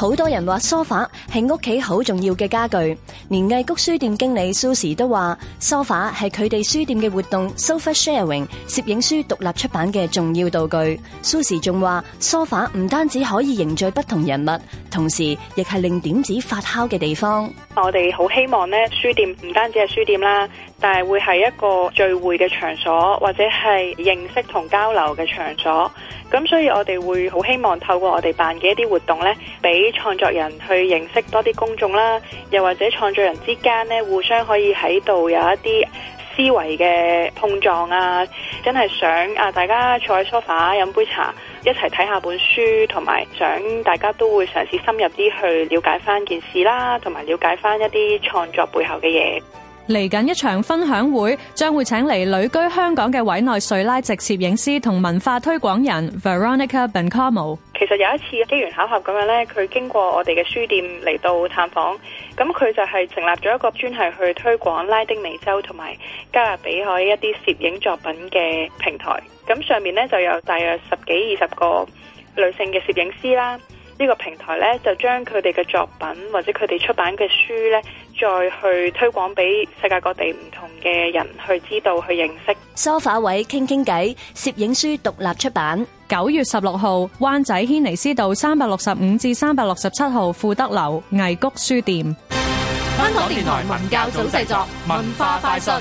好多人話梳化係屋企好重要嘅家具，連藝谷書店經理 Susie 都話，梳化係佢哋書店嘅活動 sofa sharing 攝影書獨立出版嘅重要道具。Susie 仲話，梳化唔單止可以凝聚不同人物，同時亦係令點子發酵嘅地方。我哋好希望呢書店唔單止係書店啦，但係會係一個聚會嘅場所，或者係認識同交流嘅場所。咁所以我哋會好希望透過我哋辦嘅一啲活動呢，俾創作人去認識多啲公眾啦，又或者創作人之間呢，互相可以喺度有一啲思維嘅碰撞啊！真係想啊，大家坐喺梳化，飲杯茶，一齊睇下本書，同埋想大家都會嘗試深入啲去了解翻件事啦，同埋了解翻一啲創作背後嘅嘢。嚟緊一場分享會，將會請嚟旅居香港嘅委內瑞拉籍攝影師同文化推廣人 Veronica Bencomo。其實有一次機緣巧合咁樣咧，佢經過我哋嘅書店嚟到探訪，咁佢就係成立咗一個專係去推廣拉丁美洲同埋加勒比海一啲攝影作品嘅平台。咁上面咧就有大約十幾二十個女性嘅攝影師啦。呢個平台咧就將佢哋嘅作品或者佢哋出版嘅書咧。再去推廣俾世界各地唔同嘅人去知道去認識。梳化位傾傾偈，攝影書獨立出版。九月十六號，灣仔軒尼詩道三百六十五至三百六十七號富德樓藝鵠書店。香港電台文教組製作，文化快訊。